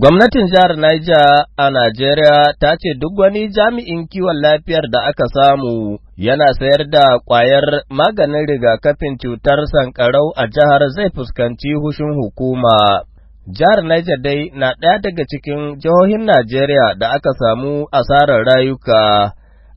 Gwamnatin jihar Niger a Najeriya ta ce duk wani jami'in kiwon lafiyar da aka samu yana sayar da ƙwayar maganin rigakafin cutar sankarau a jihar zai fuskanci hushin hukuma. Jihar Niger dai na ɗaya daga cikin jihohin Najeriya da aka samu asarar rayuka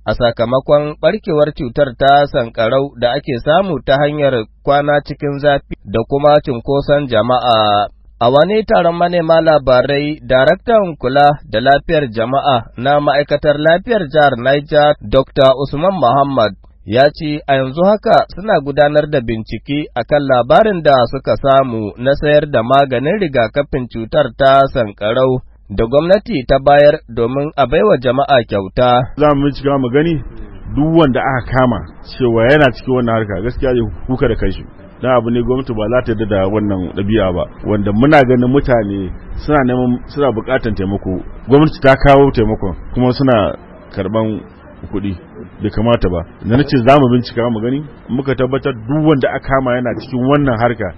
a sakamakon ɓarkewar cutar ta sankarau da ake samu ta hanyar kwana cikin zafi da kuma cunkoson jama'a. A wani taron manema labarai, daraktan kula da lafiyar jama'a na ma'aikatar lafiyar jihar Niger, Dr. Usman Muhammad, ya ce a yanzu haka suna gudanar da bincike akan labarin da suka samu na sayar da maganin rigakafin cutar ta sankarau da gwamnati ta bayar domin a baiwa jama'a kyauta. Za mu bincika mu gani duk wanda aka kama cewa yana cikin wannan harka gaskiya ne kuka da kai da abu ne gwamnati ba za ta yarda da wannan ɗabi'a ba wanda muna ganin mutane suna neman suna buƙatar taimako gwamnati ta kawo taimakon kuma suna karɓan kuɗi bai kamata ba da na ce za mu bincika mu gani muka tabbatar duk wanda aka kama yana cikin wannan harka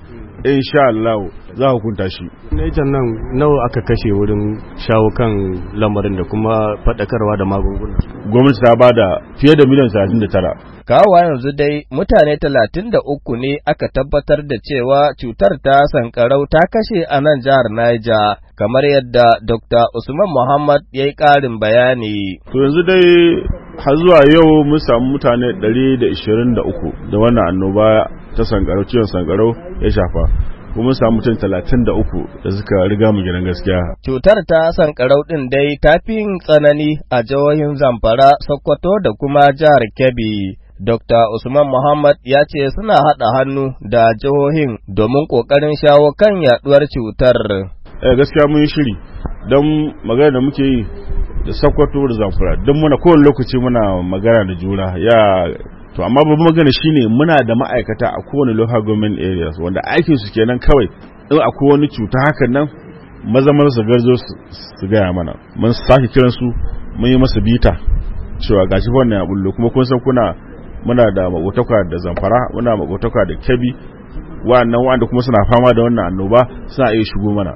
insha Allah za hukunta shi naitan nan nawa aka kashe wurin shawo kan lamarin da kuma fadakarwa da magunguna gwamnati ta bada fiye da miliyan 39 kawo yanzu dai mutane 33 ne aka tabbatar da cewa cutar ta sankarau ta kashe a nan jihar Niger kamar yadda Dr. Usman Muhammad ya yi ƙarin bayani. To yanzu dai har zuwa yau mun samu mutane 123 da wannan annoba ta sankarau ciwon sankarau ya shafa kuma samu mutum talatin da uku da suka riga mu gidan gaskiya. Cutar ta sankarau ɗin dai ta fi yin tsanani a jihohin Zamfara, Sokoto da kuma jihar Kebbi. Dr. Usman Muhammad ya ce suna haɗa hannu da jihohin domin ƙoƙarin shawo kan yaɗuwar cutar. Eh, gaskiya mun yi shiri don magana da muke yi da Sokoto da Zamfara don muna kowane lokaci muna magana da juna ya to amma babu magana shine muna da ma'aikata a kowane local government areas wanda aikin su kenan kawai in akwai wani cuta hakan nan maza maza su garzo su gaya mana mun sake kiran su mun yi masa bita cewa gashi fa wannan ya kuma kun san kuna muna da magotaka da zamfara muna magotaka da kebbi wa'annan wa'anda kuma suna fama da wannan annoba suna iya shigo mana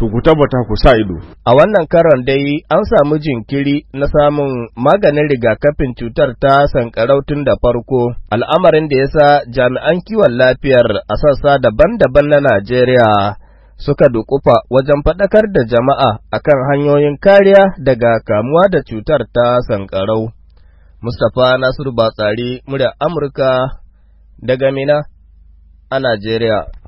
to ku tabbata ku sa ido. A wannan karon dai an samu jinkiri na samun maganin rigakafin cutar ta sankarau tun da farko, al'amarin da ya sa jami'an kiwon lafiyar a sassa daban-daban na Najeriya suka dukufa wajen faɗakar da jama'a akan hanyoyin kariya daga kamuwa da cutar ta sankarau. Mustapha Nasiru Batsari, murya Amurka daga Mina a Najeriya.